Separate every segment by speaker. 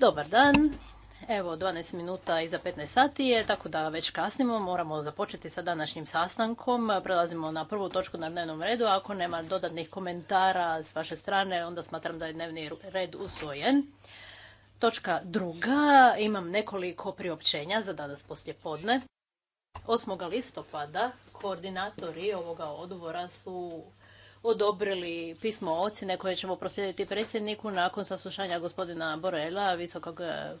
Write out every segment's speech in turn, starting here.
Speaker 1: Dobar dan. Evo, 12 minuta iza 15 sati je, tako da već kasnimo. Moramo započeti sa današnjim sastankom. Prelazimo na prvu točku na dnevnom redu. Ako nema dodatnih komentara s vaše strane, onda smatram da je dnevni red usvojen. Točka druga. Imam nekoliko priopćenja za danas poslje podne. 8. listopada koordinatori ovoga odvora su odobrili pismo ocjene koje ćemo proslijediti predsjedniku nakon saslušanja gospodina Borela, visokog eh,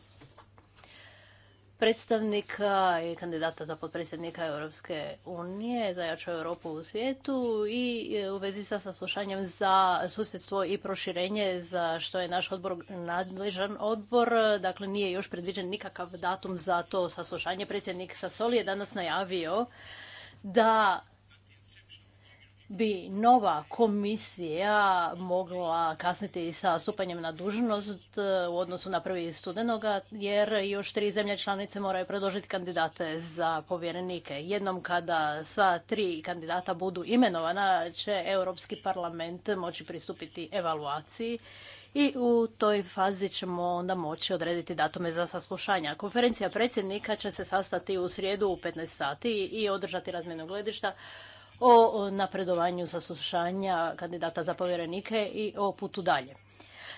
Speaker 1: predstavnika i kandidata za potpredsjednika Europske unije za jaču Europu u svijetu i eh, u vezi sa saslušanjem za susjedstvo i proširenje za što je naš odbor nadležan odbor. Dakle, nije još predviđen nikakav datum za to saslušanje. Predsjednik Sasoli je danas najavio da bi nova komisija mogla kasniti sa stupanjem na dužnost e, u odnosu na prvi studenoga, jer još tri zemlje članice moraju predložiti kandidate za povjerenike. Jednom kada sva tri kandidata budu imenovana, će Europski parlament moći pristupiti evaluaciji i u toj fazi ćemo onda moći odrediti datume za saslušanja. Konferencija predsjednika će se sastati u srijedu u 15 sati i održati razmjenu gledišta o napredovanju saslušanja kandidata za povjerenike i o putu dalje.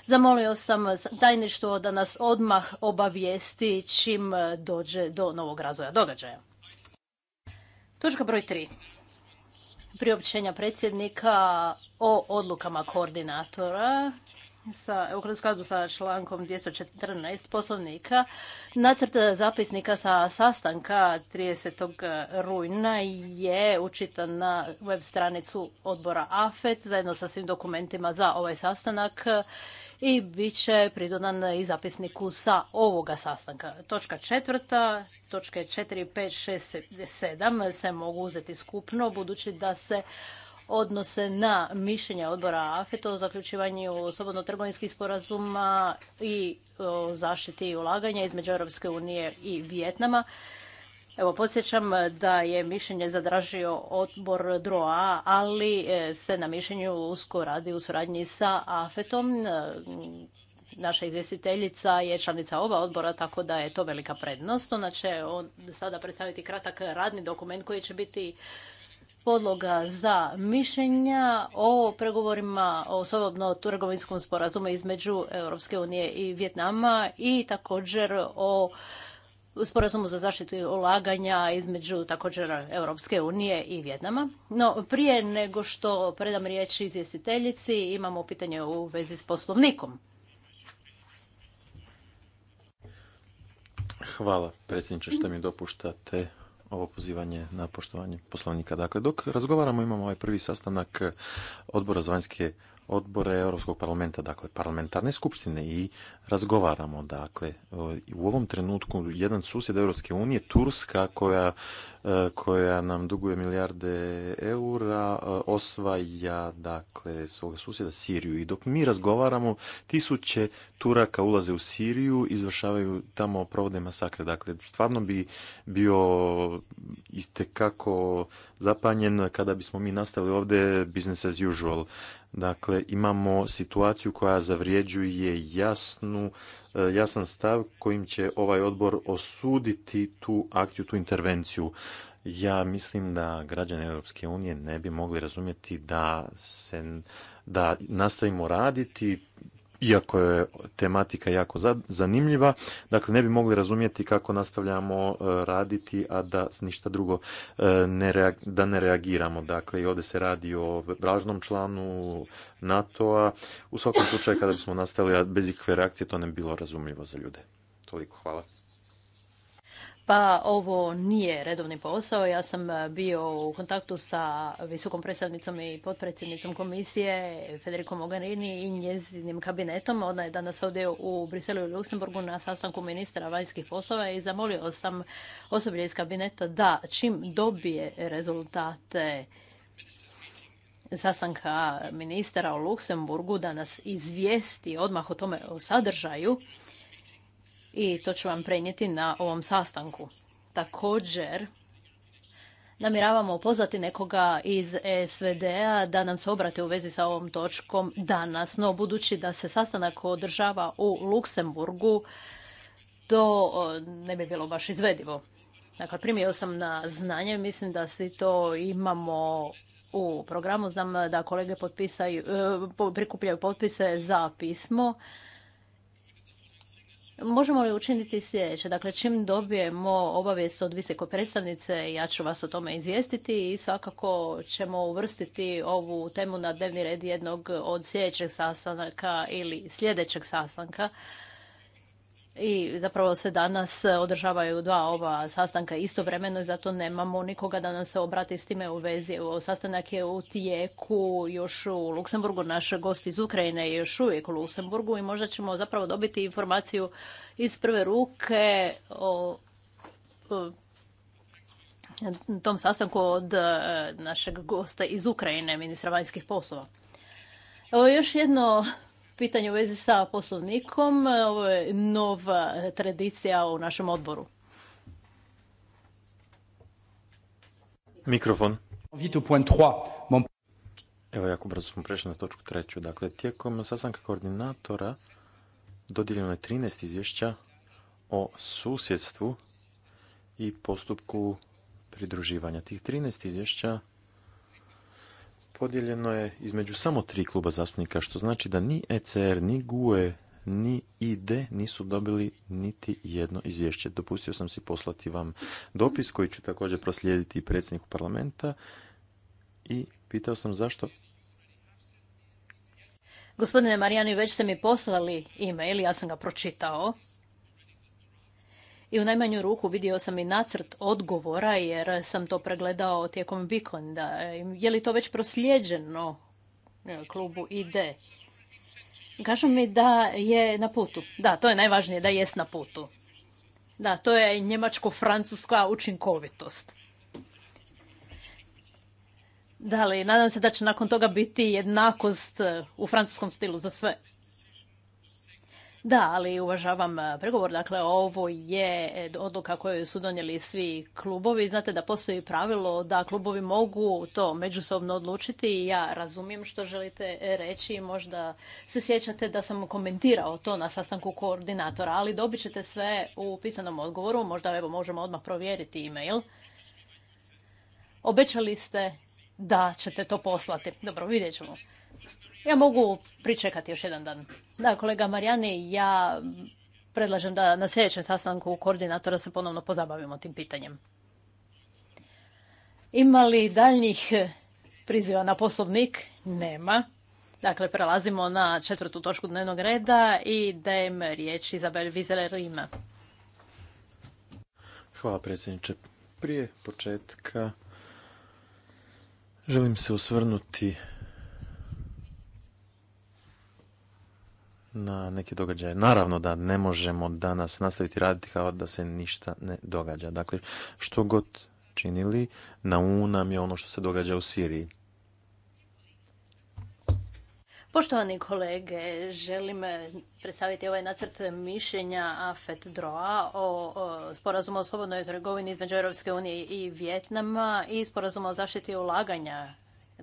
Speaker 1: Zamolio sam tajništvo da nas odmah obavijesti čim dođe do novog razvoja događaja. Točka broj 3. Priopćenja predsjednika o odlukama koordinatora u skladu sa člankom 214 poslovnika nacrt zapisnika sa sastanka 30. rujna je učitan na web stranicu odbora AFET zajedno sa svim dokumentima za ovaj sastanak i bit će pridodan i zapisniku sa ovoga sastanka. Točka četvrta, točke 4, 5, 6, 7 se mogu uzeti skupno budući da se odnose na mišljenje odbora AFET o zaključivanju slobodno-trgovinskih sporazuma i o zaštiti ulaganja između Europske unije i Vijetnama. Evo, podsjećam da je mišljenje zadražio odbor DROA, ali e, se na mišljenju usko radi u suradnji sa AFET-om. Naša izvjestiteljica je članica oba odbora, tako da je to velika prednost. Ona će sada predstaviti kratak radni dokument koji će biti podloga za mišljenja o pregovorima o slobodno trgovinskom sporazumu između Europske unije i Vjetnama i također o sporazumu za zaštitu i ulaganja između također Europske unije i Vjetnama. No prije nego što predam riječ izvjestiteljici imamo pitanje u vezi s poslovnikom.
Speaker 2: Hvala predsjedniče što mi dopuštate ovo pozivanje na poštovanje poslovnika. Dakle, dok razgovaramo imamo ovaj prvi sastanak odbora za vanjske odbore Europskog parlamenta, dakle parlamentarne skupštine i razgovaramo. Dakle, e, u ovom trenutku jedan susjed Europske unije, Turska, koja, e, koja nam duguje milijarde eura, e, osvaja dakle, svoga susjeda Siriju. I dok mi razgovaramo, tisuće Turaka ulaze u Siriju, izvršavaju tamo provode masakre. Dakle, stvarno bi bio istekako zapanjen kada bismo mi nastavili ovdje business as usual. Dakle, imamo situaciju koja zavrijeđuje jasnu, e, jasan stav kojim će ovaj odbor osuditi tu akciju, tu intervenciju. Ja mislim da građani Europske unije ne bi mogli razumjeti da se da nastavimo raditi iako je tematika jako zanimljiva, dakle ne bi mogli razumjeti kako nastavljamo e, raditi, a da ništa drugo e, ne da ne reagiramo. Dakle, i ovdje se radi o vražnom članu NATO-a. U svakom slučaju, kada bismo nastavili bez ikakve reakcije, to ne bi bilo razumljivo za ljude. Toliko, hvala.
Speaker 1: Pa ovo nije redovni posao. Ja sam eh, bio u kontaktu sa visokom predstavnicom i potpredsjednicom komisije Federico Mogherini i njezinim kabinetom. Ona je danas ovdje u Briselu i Luksemburgu na sastanku ministra vanjskih poslova i zamolio sam osoblje iz kabineta da čim dobije rezultate sastanka ministara u Luksemburgu da nas izvijesti odmah o tome o sadržaju i to ću vam prenijeti na ovom sastanku. Također, namiravamo pozvati nekoga iz SVD-a da nam se obrate u vezi sa ovom točkom danas, no budući da se sastanak održava u Luksemburgu, to ne bi bilo baš izvedivo. Dakle, primio sam na znanje, mislim da svi to imamo u programu. Znam da kolege potpisaju, e, prikupljaju potpise za pismo Možemo li učiniti sljedeće? Dakle, čim dobijemo obavijest od visoke predstavnice, ja ću vas o tome izvijestiti i svakako ćemo uvrstiti ovu temu na dnevni red jednog od sljedećeg sastanaka ili sljedećeg sastanka i zapravo se danas održavaju dva ova sastanka istovremeno i zato nemamo nikoga da nam se obrati s time u vezi. Sastanak je u tijeku još u Luksemburgu, naš gost iz Ukrajine je još uvijek u Luksemburgu i možda ćemo zapravo dobiti informaciju iz prve ruke o, tom sastanku od e, našeg gosta iz Ukrajine, ministra vanjskih poslova. Evo još jedno pitanje u vezi sa poslovnikom. E, ovo je nova tradicija u našem odboru.
Speaker 2: Mikrofon. Evo, jako brzo smo prešli na točku treću. Dakle, tijekom sastanka koordinatora dodijeljeno je 13 izvješća o susjedstvu i postupku pridruživanja. Tih 13 izvješća podijeljeno je između samo tri kluba zastupnika, što znači da ni ECR, ni GUE, ni ID nisu dobili niti jedno izvješće. Dopustio sam si poslati vam dopis koji ću također proslijediti predsjedniku parlamenta i pitao sam zašto
Speaker 1: Gospodine Marijani, već ste mi poslali e-mail, ja sam ga pročitao i u najmanju ruku vidio sam i nacrt odgovora jer sam to pregledao tijekom vikonda. Je li to već proslijeđeno e, klubu ID? Kažu mi da je na putu. Da, to je najvažnije, da jest na putu. Da, to je njemačko-francuska učinkovitost. Da li, nadam se da će nakon toga biti jednakost e, u francuskom stilu za sve. Da, ali uvažavam e, pregovor. Dakle, ovo je odluka koju su donijeli svi klubovi. Znate da postoji pravilo da klubovi mogu to međusobno odlučiti i ja razumijem što želite reći. Možda se sjećate da sam komentirao to na sastanku koordinatora, ali dobit ćete sve u pisanom odgovoru. Možda evo možemo odmah provjeriti e-mail. Obećali ste da ćete to poslati. Dobro, vidjet ćemo. Ja mogu pričekati još jedan dan. Da, kolega Marijani, ja predlažem da na sljedećem sastanku koordinatora se ponovno pozabavimo tim pitanjem. Ima li daljnjih priziva na poslovnik? Nema. Dakle, prelazimo na četvrtu točku dnevnog reda i dajem riječ Izabel Vizeler ima.
Speaker 2: Hvala predsjedniče. Prije početka želim se usvrnuti na neke događaje. Naravno da ne možemo danas nastaviti raditi kao da se ništa ne događa. Dakle, što god činili, na unam je ono što se događa u Siriji.
Speaker 1: Poštovani kolege, želim predstaviti ovaj nacrt mišljenja AFET DROA o, sporazumu o slobodnoj trgovini između Europske unije i Vjetnama i sporazumu o zaštiti ulaganja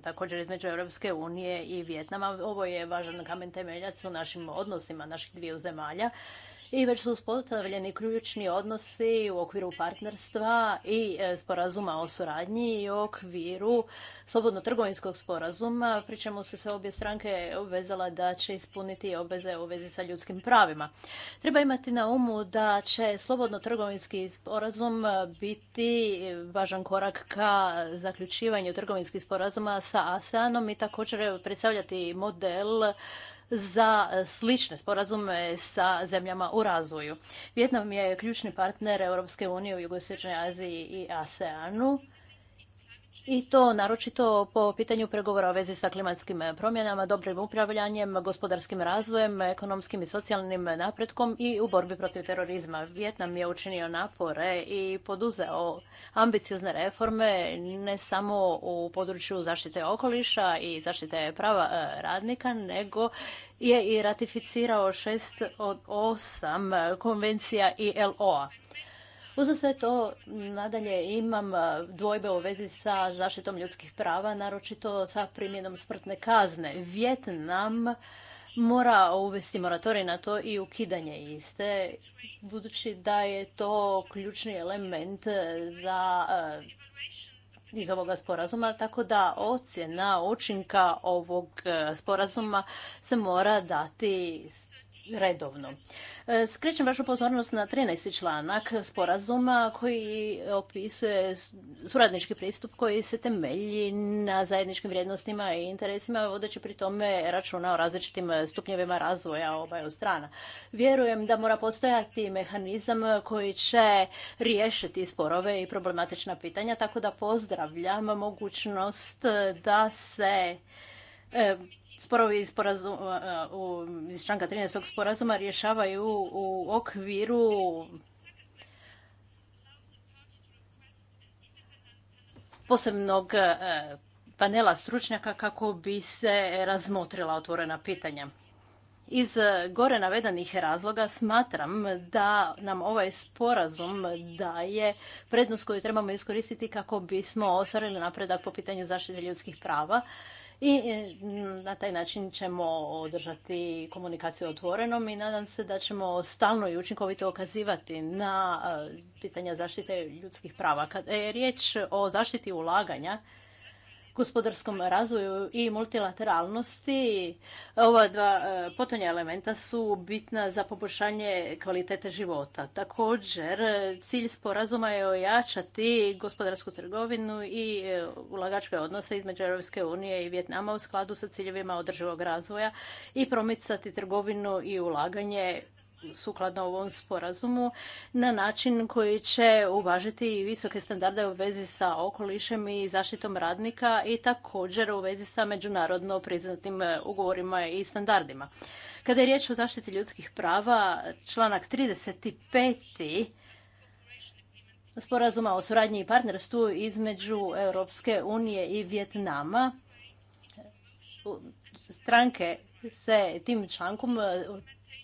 Speaker 1: također između Europske unije i Vijetnama Ovo je važan kamen temeljac u našim odnosima naših dviju zemalja i već su uspostavljeni ključni odnosi u okviru partnerstva i e, sporazuma o suradnji i u okviru slobodno trgovinskog sporazuma, pri čemu su se obje stranke obvezala da će ispuniti obveze u vezi sa ljudskim pravima. Treba imati na umu da će slobodno trgovinski sporazum biti važan korak ka zaključivanju trgovinskih sporazuma sa ASEANom i također predstavljati model za e, slične sporazume sa zemljama u razvoju. Vjetnam je ključni partner Europske unije u Jugosječnoj Aziji i ASEANu i to naročito po pitanju pregovora o vezi sa klimatskim promjenama, dobrim upravljanjem, gospodarskim razvojem, ekonomskim i socijalnim napretkom i u borbi protiv terorizma. Vjetnam je učinio napore i poduzeo ambiciozne reforme ne samo u području zaštite okoliša i zaštite prava e, radnika, nego je i ratificirao šest od osam konvencija ILO-a. Uz sve to nadalje imam dvojbe u vezi sa zaštitom ljudskih prava, naročito sa primjenom smrtne kazne. Vjetnam mora uvesti moratorij na to i ukidanje iste, budući da je to ključni element e, za e, iz ovoga sporazuma, tako da ocjena učinka ovog e, sporazuma se mora dati redovno. E, skrećem vašu pozornost na 13. članak sporazuma koji opisuje suradnički pristup koji se temelji na zajedničkim vrijednostima i interesima, vodeći pri tome računa o različitim stupnjevima razvoja od strana. Vjerujem da mora postojati mehanizam koji će riješiti sporove i problematična pitanja, tako da pozdravljam mogućnost da se E, sporovi iz, e, članka 13. sporazuma rješavaju u okviru posebnog e, panela stručnjaka kako bi se razmotrila otvorena pitanja. Iz gore navedenih razloga smatram da nam ovaj sporazum daje prednost koju trebamo iskoristiti kako bismo ostvarili napredak po pitanju zaštite ljudskih prava i mm, na taj način ćemo održati komunikaciju otvorenom i nadam se da ćemo stalno i učinkovito okazivati na e, pitanja zaštite ljudskih prava. Kada je riječ o zaštiti ulaganja, gospodarskom razvoju i multilateralnosti. Ova dva e, potonja elementa su bitna za poboljšanje kvalitete života. Također, cilj sporazuma je ojačati gospodarsku trgovinu i e, ulagačke odnose između Europske unije i Vjetnama u skladu sa ciljevima održivog razvoja i promicati trgovinu i ulaganje sukladno ovom sporazumu na način koji će uvažiti i visoke standarde u vezi sa okolišem i zaštitom radnika i također u vezi sa međunarodno priznatim e, ugovorima i standardima. Kada je riječ o zaštiti ljudskih prava, članak 35. sporazuma o suradnji i partnerstvu između Europske unije i Vjetnama stranke se tim člankom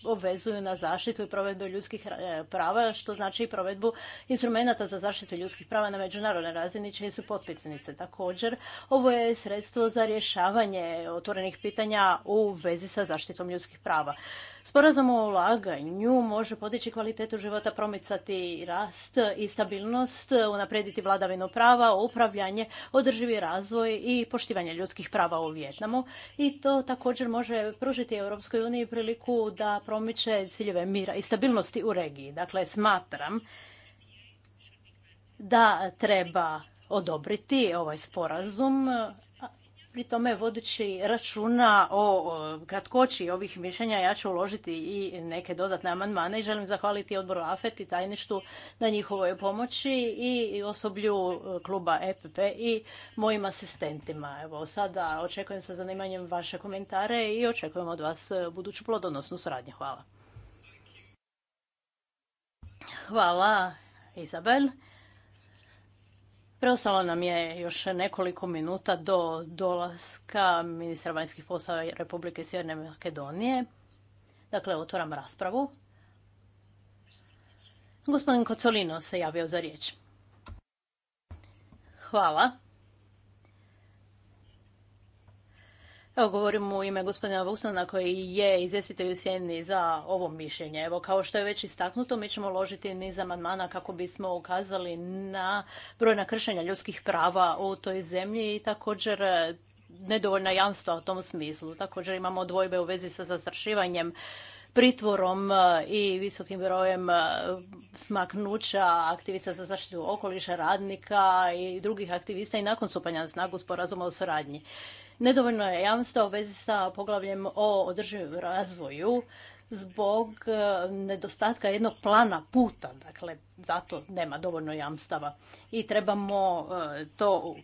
Speaker 1: obvezuju na zaštitu i provedbu ljudskih eh, prava, što znači i provedbu instrumenta za zaštitu ljudskih prava na međunarodnoj razini, čije su potpisnice. Također, ovo je sredstvo za rješavanje otvorenih pitanja u vezi sa zaštitom ljudskih prava. Sporazum o ulaganju može podići kvalitetu života, promicati rast i stabilnost, unaprijediti vladavinu prava, upravljanje, održivi razvoj i poštivanje ljudskih prava u Vjetnamu. I to također može pružiti Europskoj uniji priliku da promiče ciljeve mira i stabilnosti u regiji. Dakle, smatram da treba odobriti ovaj sporazum, pri tome vodeći računa o kratkoći ovih mišljenja ja ću uložiti i neke dodatne amandmane i želim zahvaliti odboru AFET i tajništu na njihovoj pomoći i osoblju e, kluba EPP i mojim asistentima. Evo, sada očekujem sa zanimanjem vaše komentare i očekujem od vas e, buduću plodonosnu suradnju. Hvala. Hvala, Izabel. Preostalo nam je još nekoliko minuta do dolaska ministra vanjskih poslova Republike Sjeverne Makedonije. Dakle, otvoram raspravu. Gospodin Kocolino se javio za riječ. Hvala. Evo govorim u ime gospodina Vuksana koji je izvjestitelj u sjeni za ovo mišljenje. Evo kao što je već istaknuto mi ćemo ložiti niz amandmana kako bismo ukazali na brojna kršenja ljudskih prava u toj zemlji i također e, nedovoljna jamstva u tom smislu. Također imamo dvojbe u vezi sa zastrašivanjem pritvorom e, i visokim brojem e, smaknuća aktivista za zaštitu okoliša, radnika i drugih aktivista i nakon supanja na snagu sporazuma o suradnji. Nedovoljno je jamstva u vezi sa poglavljem o održivom razvoju zbog e, nedostatka jednog plana puta. Dakle, zato nema dovoljno jamstava i trebamo e, to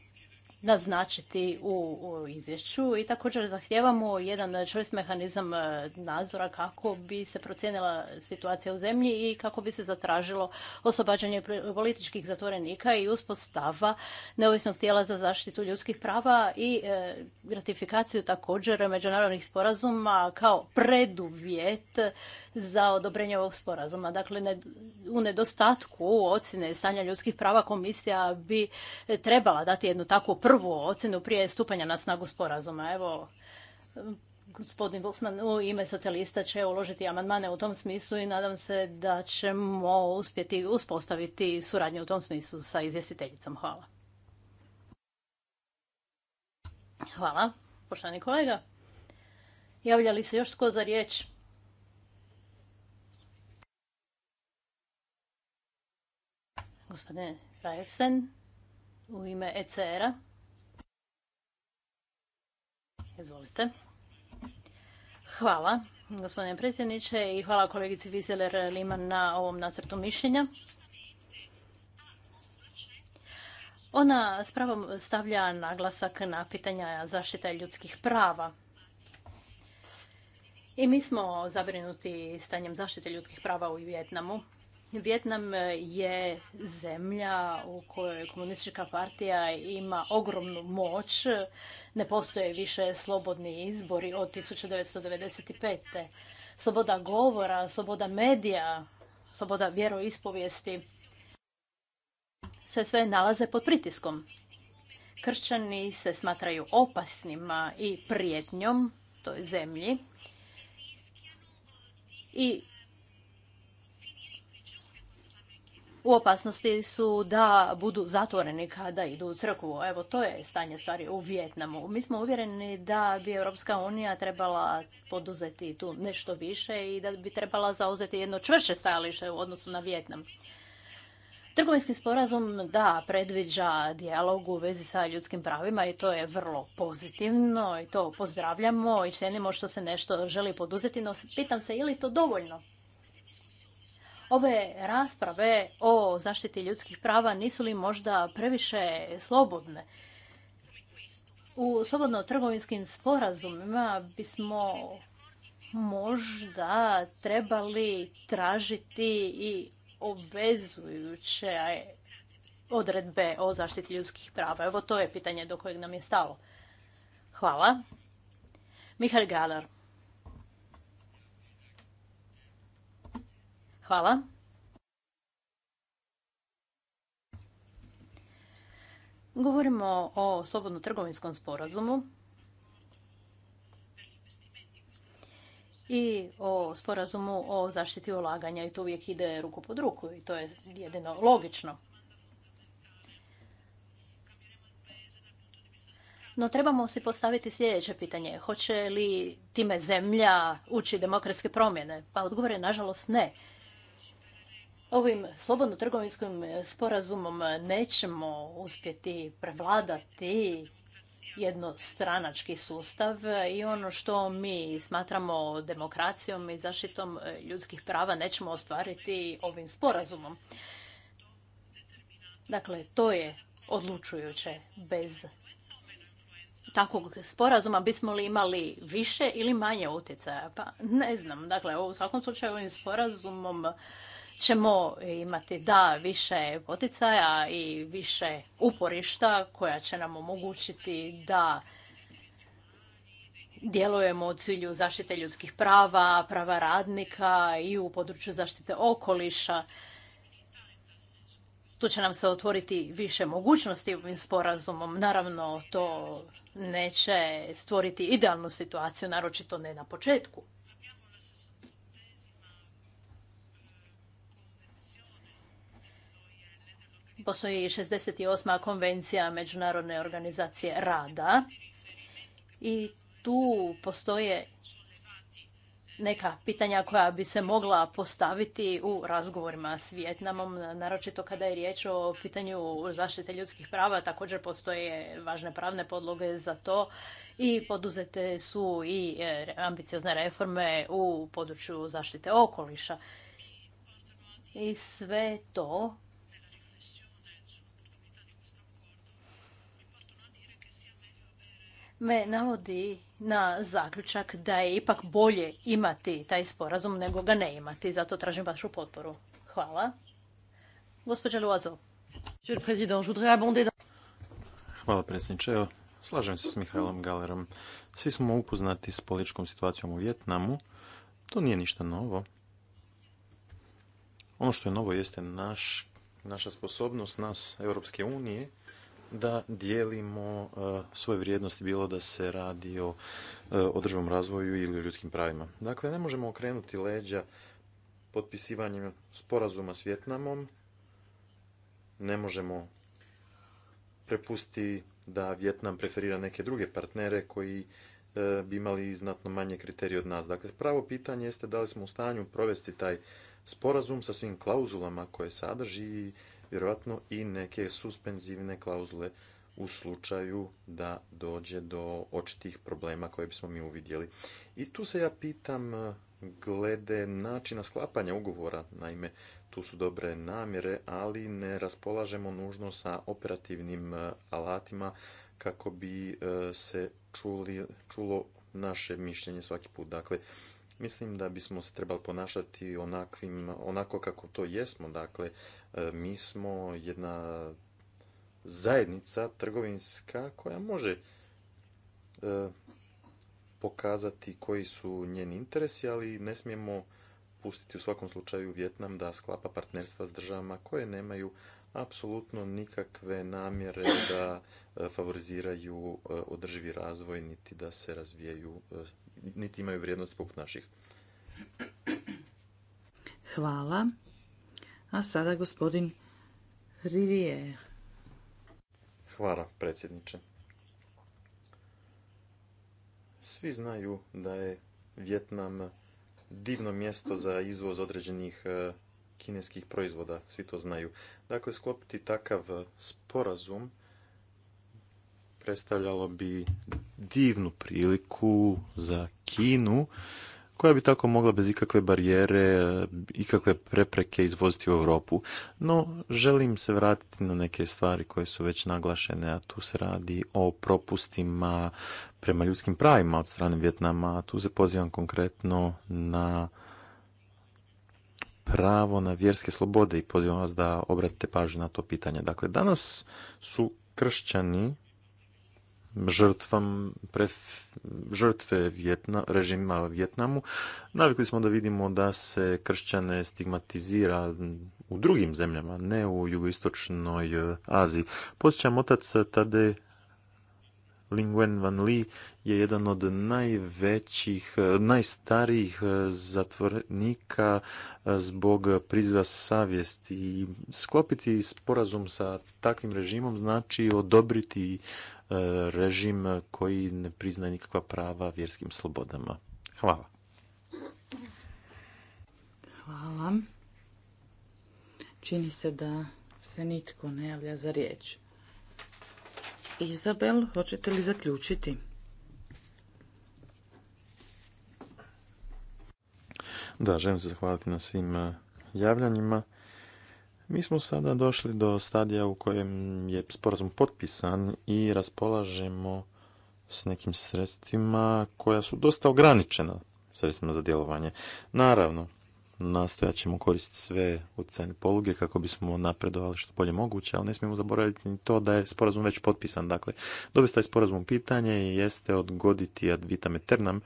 Speaker 1: naznačiti u, izvješću i također zahtijevamo jedan čvrst mehanizam e, nadzora kako bi se procijenila situacija u zemlji i kako bi se zatražilo oslobađanje političkih zatvorenika i uspostava neovisnog tijela za zaštitu ljudskih prava i e, ratifikaciju također međunarodnih sporazuma kao preduvjet za odobrenje ovog sporazuma. Dakle, u nedostatku ocjene stanja ljudskih prava komisija bi trebala dati jednu takvu prvu ocjenu prije stupanja na snagu sporazuma. Evo, gospodin Buksman u ime socijalista će uložiti amandmane u tom smislu i nadam se da ćemo uspjeti uspostaviti suradnju u tom smislu sa izvjestiteljicom. Hvala. Hvala, poštovani kolega. Javlja li se još tko za riječ? Gospodine Frajsen, u ime ECR-a. Izvolite. Hvala, gospodine predsjedniče, i hvala kolegici Vizeler Liman na ovom nacrtu mišljenja. Ona s pravom stavlja naglasak na pitanja zaštite ljudskih prava. I mi smo zabrinuti stanjem zaštite ljudskih prava u Vjetnamu. Vjetnam e, je zemlja u kojoj komunistička partija ima ogromnu moć. Ne postoje više slobodni izbori od 1995. Sloboda govora, sloboda medija, sloboda vjeroispovijesti se sve nalaze pod pritiskom. Kršćani se smatraju opasnima i prijetnjom toj zemlji i u opasnosti su da budu zatvoreni kada idu u crkvu. Evo, to je stanje stvari u Vjetnamu. Mi smo uvjereni da bi Europska unija trebala poduzeti tu nešto više i da bi trebala zauzeti jedno čvrše stajalište u odnosu na Vjetnam. Trgovinski sporazum, da, predviđa dijalog u vezi sa ljudskim pravima i to je vrlo pozitivno i to pozdravljamo i cijenimo što se nešto želi poduzeti, no pitam se je li to dovoljno? ove rasprave o zaštiti ljudskih prava nisu li možda previše slobodne? U slobodno trgovinskim sporazumima bismo možda trebali tražiti i obvezujuće odredbe o zaštiti ljudskih prava. Evo to je pitanje do kojeg nam je stalo. Hvala. Michael Galar. Hvala. Govorimo o slobodno-trgovinskom sporazumu i o sporazumu o zaštiti ulaganja i to uvijek ide ruku pod ruku i to je jedino logično. No trebamo si postaviti sljedeće pitanje. Hoće li time zemlja ući demokratske promjene? Pa odgovor je nažalost ne. Ovim slobodno trgovinskim e, sporazumom e, nećemo uspjeti prevladati jednostranački sustav e, i ono što mi smatramo demokracijom i zaštitom ljudskih prava nećemo ostvariti ovim sporazumom. Dakle, to je odlučujuće bez takvog sporazuma bismo li imali više ili manje utjecaja? Pa ne znam, dakle u svakom slučaju ovim sporazumom ćemo imati da više poticaja i više uporišta koja će nam omogućiti da djelujemo u cilju zaštite ljudskih prava, prava radnika i u području zaštite okoliša. Tu će nam se otvoriti više mogućnosti ovim sporazumom. Naravno, to neće stvoriti idealnu situaciju, naročito ne na početku. Postoji 68. konvencija Međunarodne organizacije rada i tu postoje neka pitanja koja bi se mogla postaviti u razgovorima s Vijetnamom, naročito kada je riječ o pitanju zaštite ljudskih prava, također postoje važne pravne podloge za to i poduzete su i e, ambiciozne reforme u području zaštite okoliša. I sve to me navodi na zaključak da je ipak bolje imati taj sporazum nego ga ne imati. Zato tražim vašu potporu. Hvala. Gospođa Luazo.
Speaker 2: Hvala predsjedniče. slažem se s Mihajlom Galerom. Svi smo upoznati s političkom situacijom u Vjetnamu. To nije ništa novo. Ono što je novo jeste naš, naša sposobnost nas, Europske unije, da dijelimo e, svoje vrijednosti, bilo da se radi o e, održivom razvoju ili o ljudskim pravima. Dakle, ne možemo okrenuti leđa potpisivanjem sporazuma s Vjetnamom, ne možemo prepustiti da Vjetnam preferira neke druge partnere koji e, bi imali znatno manje kriterije od nas. Dakle, pravo pitanje jeste da li smo u stanju provesti taj sporazum sa svim klauzulama koje sadrži vjerojatno i neke suspenzivne klauzule u slučaju da dođe do očitih problema koje bismo mi uvidjeli. I tu se ja pitam e, glede načina sklapanja ugovora, naime tu su dobre namjere, ali ne raspolažemo nužno sa operativnim e, alatima kako bi e, se čuli, čulo naše mišljenje svaki put. Dakle, Mislim da bismo se trebali ponašati onakvim, onako kako to jesmo. Dakle, e, mi smo jedna zajednica trgovinska koja može e, pokazati koji su njeni interesi, ali ne smijemo pustiti u svakom slučaju Vjetnam da sklapa partnerstva s državama koje nemaju apsolutno nikakve namjere da e, favoriziraju održivi razvoj niti da se razvijaju niti imaju vrijednost poput naših.
Speaker 3: Hvala. A sada gospodin Rivije.
Speaker 2: Hvala, predsjedniče. Svi znaju da je Vjetnam divno mjesto za izvoz određenih e, kineskih proizvoda, svi to znaju. Dakle, sklopiti takav e, sporazum predstavljalo bi divnu priliku za Kinu koja bi tako mogla bez ikakve barijere, ikakve prepreke izvoziti u Europu. No, želim se vratiti na neke stvari koje su već naglašene, a tu se radi o propustima prema ljudskim pravima od strane Vjetnama, tu se pozivam konkretno na pravo na vjerske slobode i pozivam vas da obratite pažnju na to pitanje. Dakle, danas su kršćani žrtvam, žrtve Vjetna, režima Vjetnamu. Navikli smo da vidimo da se kršćane stigmatizira u drugim zemljama, ne u jugoistočnoj Aziji. Posjećam otac Tade Lingwen Van Li je jedan od najvećih, eh, najstarijih eh, zatvorenika eh, zbog prizva savjesti. I sklopiti sporazum sa takvim režimom znači odobriti režim koji ne priznaje nikakva prava vjerskim slobodama. Hvala.
Speaker 3: Hvala. Čini se da se nitko ne javlja za riječ. Izabel, hoćete li zaključiti?
Speaker 2: Da, želim se zahvaliti na svim e, javljanjima. Mi smo sada došli do stadija u kojem je sporazum potpisan i raspolažemo s nekim sredstvima koja su dosta ograničena sredstvima za djelovanje. Naravno, nastojat ćemo koristiti sve utjecajne poluge kako bismo napredovali što bolje moguće, ali ne smijemo zaboraviti ni to da je sporazum već potpisan. Dakle, dovesti taj sporazum pitanje jeste odgoditi ad vitam eternam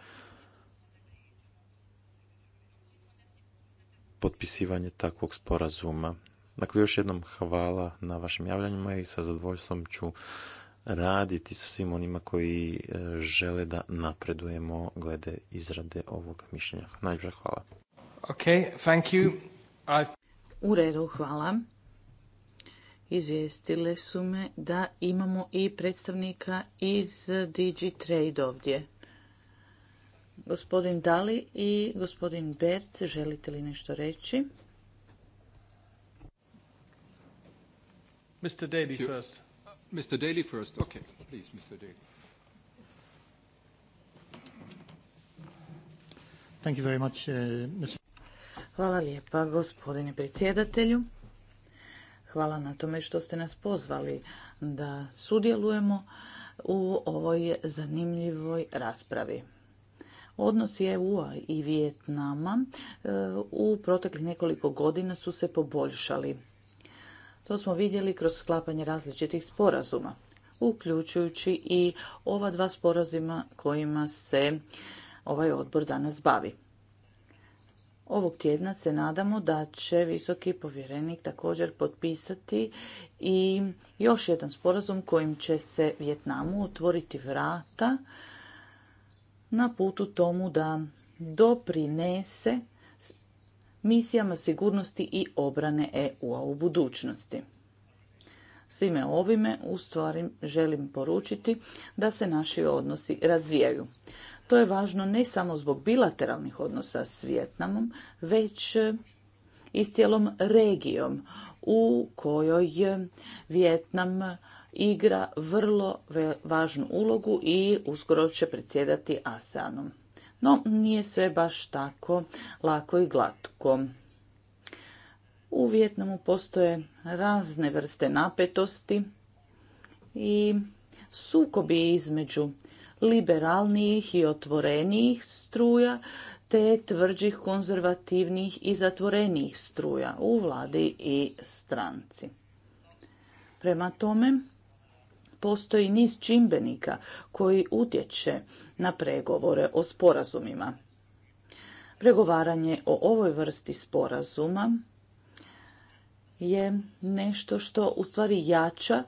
Speaker 2: potpisivanje takvog sporazuma. Dakle, još jednom hvala na vašim javljanjima i sa zadovoljstvom ću raditi sa svim onima koji e, žele da napredujemo glede izrade ovog mišljenja. Najljepša hvala.
Speaker 3: Okay, thank you. I... U redu, hvala. Izvijestile su me da imamo i predstavnika iz DigiTrade ovdje. Gospodin Dali i gospodin Berc, želite li nešto reći?
Speaker 2: Mr. Daly first. Uh, Mr. Daly first, ok. Please, Mr. Daly.
Speaker 3: Thank you very much, uh, Mr. Hvala lijepa gospodine predsjedatelju. Hvala na tome što ste nas pozvali da sudjelujemo u ovoj zanimljivoj raspravi. Odnos EU-a i Vijetnama e, u proteklih nekoliko godina su se poboljšali. To smo vidjeli kroz sklapanje različitih sporazuma, uključujući i ova dva sporazuma kojima se ovaj odbor danas bavi. Ovog tjedna se nadamo da će visoki povjerenik također potpisati i još jedan sporazum kojim će se Vjetnamu otvoriti vrata na putu tomu da doprinese misijama sigurnosti i obrane EU-a u budućnosti. Svime ovime u stvari želim poručiti da se naši odnosi razvijaju. To je važno ne samo zbog bilateralnih odnosa s Vjetnamom, već e, i s cijelom regijom u kojoj Vjetnam igra vrlo važnu ulogu i uskoro će predsjedati ASEANom. No, nije sve baš tako lako i glatko. U Vjetnamu postoje razne vrste napetosti i sukobi između liberalnijih i otvorenijih struja te tvrđih konzervativnih i zatvorenijih struja u vladi i stranci. Prema tome, postoji niz čimbenika koji utječe na pregovore o sporazumima. Pregovaranje o ovoj vrsti sporazuma je nešto što u stvari jača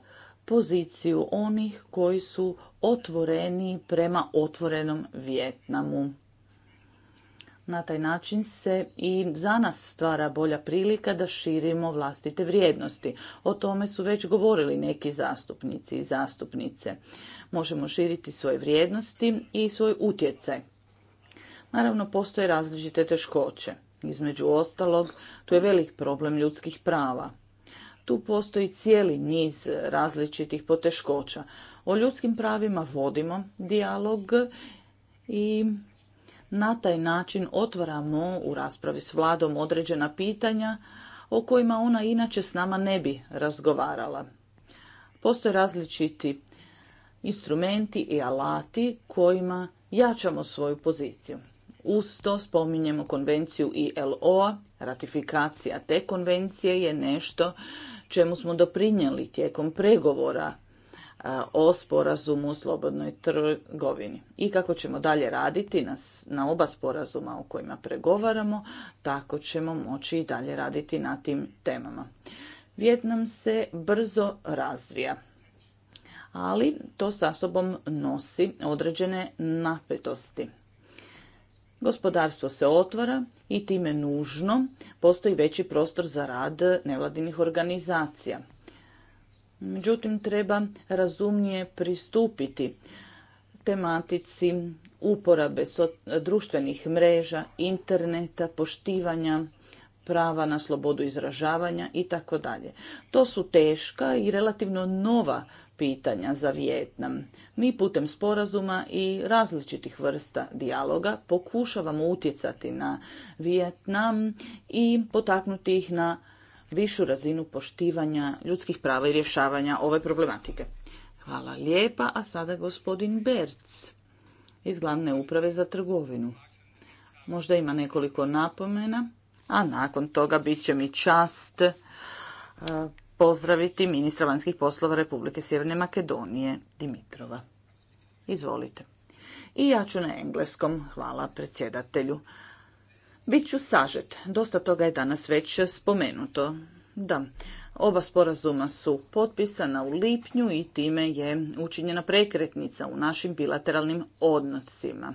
Speaker 3: poziciju onih koji su otvoreni prema otvorenom Vjetnamu. Na taj način se i za nas stvara bolja prilika da širimo vlastite vrijednosti. O tome su već govorili neki zastupnici i zastupnice. Možemo širiti svoje vrijednosti i svoj utjecaj. Naravno, postoje različite teškoće. Između ostalog, tu je velik problem ljudskih prava tu postoji cijeli niz različitih poteškoća. O ljudskim pravima vodimo dijalog i na taj način otvaramo u raspravi s vladom određena pitanja o kojima ona inače s nama ne bi razgovarala. Postoje različiti instrumenti i alati kojima jačamo svoju poziciju. Uz to spominjemo konvenciju ILO-a, ratifikacija te konvencije je nešto čemu smo doprinijeli tijekom pregovora o sporazumu o slobodnoj trgovini. I kako ćemo dalje raditi na, na oba sporazuma o kojima pregovaramo, tako ćemo moći i dalje raditi na tim temama. Vjetnam se brzo razvija, ali to sa sobom nosi određene napetosti. Gospodarstvo se otvara i time nužno postoji veći prostor za rad nevladinih organizacija. Međutim, treba razumnije pristupiti tematici uporabe društvenih mreža, interneta, poštivanja prava na slobodu izražavanja i tako dalje. To su teška i relativno nova pitanja za Vijetnam. Mi putem sporazuma i različitih vrsta dijaloga pokušavamo utjecati na Vijetnam i potaknuti ih na višu razinu poštivanja ljudskih prava i rješavanja ove problematike. Hvala lijepa, a sada gospodin Berc iz glavne uprave za trgovinu. Možda ima nekoliko napomena, a nakon toga bit će mi čast pozdraviti ministra vanjskih poslova Republike Sjeverne Makedonije Dimitrova. Izvolite. I ja ću na engleskom. Hvala predsjedatelju. Biću sažet. Dosta toga je danas već spomenuto. Da, oba sporazuma su potpisana u lipnju i time je učinjena prekretnica u našim bilateralnim odnosima.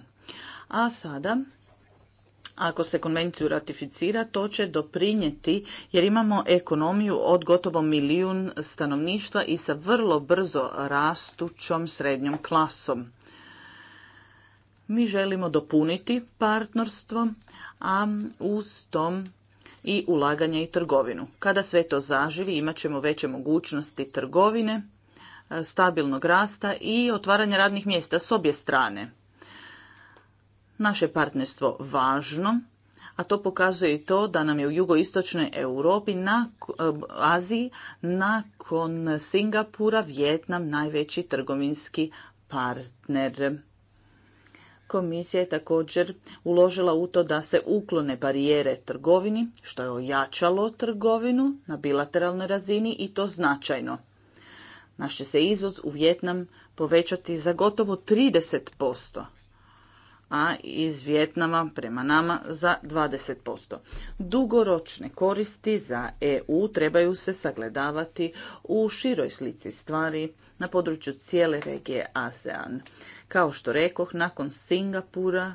Speaker 3: A sada ako se konvenciju ratificira, to će doprinjeti jer imamo ekonomiju od gotovo milijun stanovništva i sa vrlo brzo rastućom srednjom klasom. Mi želimo dopuniti partnerstvo, a uz tom i ulaganje i trgovinu. Kada sve to zaživi, imat ćemo veće mogućnosti trgovine, stabilnog rasta i otvaranja radnih mjesta s obje strane. Naše partnerstvo važno, a to pokazuje i to da nam je u jugoistočnoj Europi, na eh, Aziji, nakon Singapura, Vjetnam najveći trgovinski partner. Komisija je također uložila u to da se uklone barijere trgovini, što je ojačalo trgovinu na bilateralnoj razini i to značajno. Naš će se izvoz u Vjetnam povećati za gotovo 30% a iz Vjetnama prema nama za 20%. Dugoročne koristi za EU trebaju se sagledavati u široj slici stvari na području cijele regije ASEAN. Kao što rekoh, nakon Singapura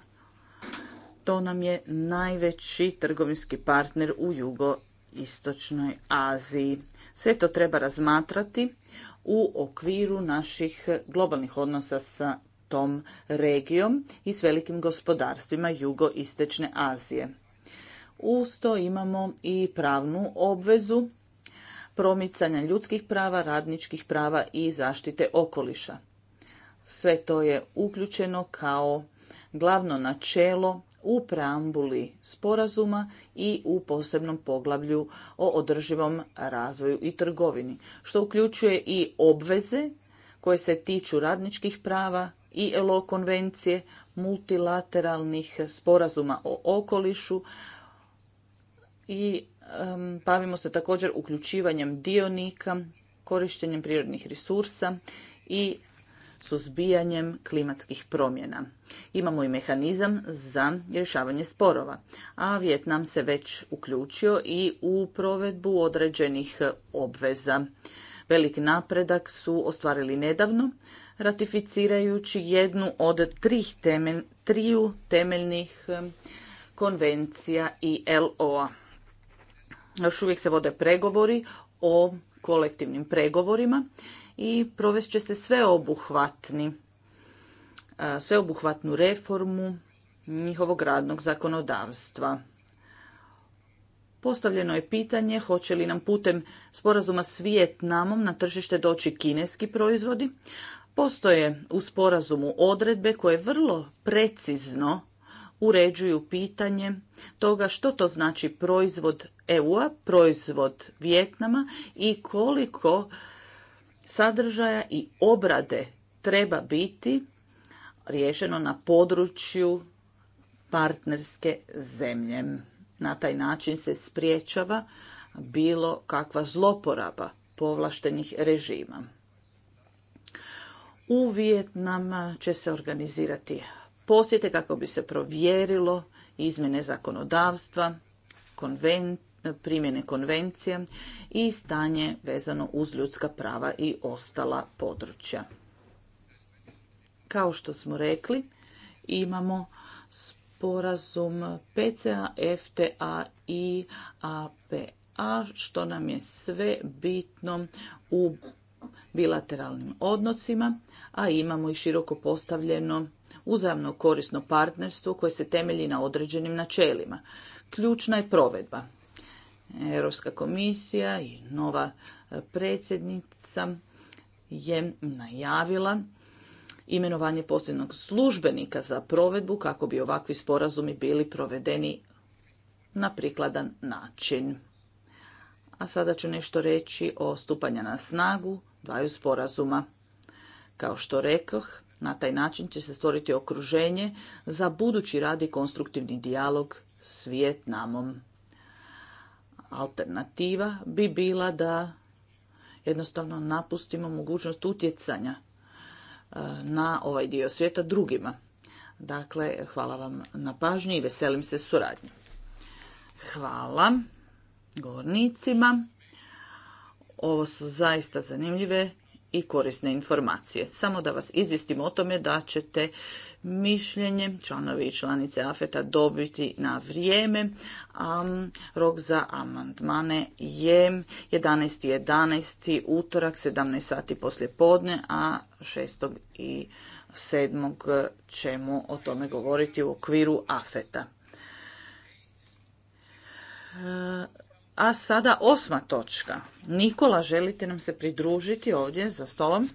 Speaker 3: to nam je najveći trgovinski partner u jugoistočnoj Aziji. Sve to treba razmatrati u okviru naših globalnih odnosa sa tom regijom i s velikim gospodarstvima jugoistečne Azije. Uz to imamo i pravnu obvezu promicanja ljudskih prava, radničkih prava i zaštite okoliša. Sve to je uključeno kao glavno načelo u preambuli sporazuma i u posebnom poglavlju o održivom razvoju i trgovini, što uključuje i obveze koje se tiču radničkih prava, ILO konvencije, multilateralnih sporazuma o okolišu i bavimo se također uključivanjem dionika, korištenjem prirodnih resursa i suzbijanjem klimatskih promjena. Imamo i mehanizam za rješavanje sporova, a Vjetnam se već uključio i u provedbu određenih obveza. Velik napredak su ostvarili nedavno, ratificirajući jednu od trih temelj, triju temeljnih konvencija i LO-a. Još uvijek se vode pregovori o kolektivnim pregovorima i provest će se sveobuhvatni, e, sveobuhvatnu reformu njihovog radnog zakonodavstva. Postavljeno je pitanje hoće li nam putem sporazuma s Vijetnamom na tržište doći kineski proizvodi, Postoje u sporazumu odredbe koje vrlo precizno uređuju pitanje toga što to znači proizvod EU-a, proizvod Vjetnama i koliko sadržaja i obrade treba biti riješeno na području partnerske zemlje. Na taj način se spriječava bilo kakva zloporaba povlaštenih režima. U Vijetnama će se organizirati posjete kako bi se provjerilo izmjene zakonodavstva, primjene konvencije i stanje vezano uz ljudska prava i ostala područja. Kao što smo rekli, imamo sporazum PCA, FTA i APA, što nam je sve bitno u bilateralnim odnosima, a imamo i široko postavljeno uzajamno korisno partnerstvo koje se temelji na određenim načelima. Ključna je provedba. Europska komisija i nova e, predsjednica je najavila imenovanje posebnog službenika za provedbu kako bi ovakvi sporazumi bili provedeni na prikladan način. A sada ću nešto reći o stupanju na snagu dvaju sporazuma. Kao što rekoh, na taj način će se stvoriti okruženje za budući radi konstruktivni dijalog s Vjetnamom. Alternativa bi bila da jednostavno napustimo mogućnost utjecanja e, na ovaj dio svijeta drugima. Dakle, hvala vam na pažnji i veselim se suradnji. Hvala govornicima. Ovo su zaista zanimljive i korisne informacije. Samo da vas izvistim o tome da ćete mišljenje članovi i članice AFETA dobiti na vrijeme. A rok za amandmane je 11.11. 11. utorak 17 sati poslijepodne, podne, a 6. i 7. ćemo o tome govoriti u okviru AFETA. A sada osma točka. Nikola, želite nam se pridružiti ovdje za stolom?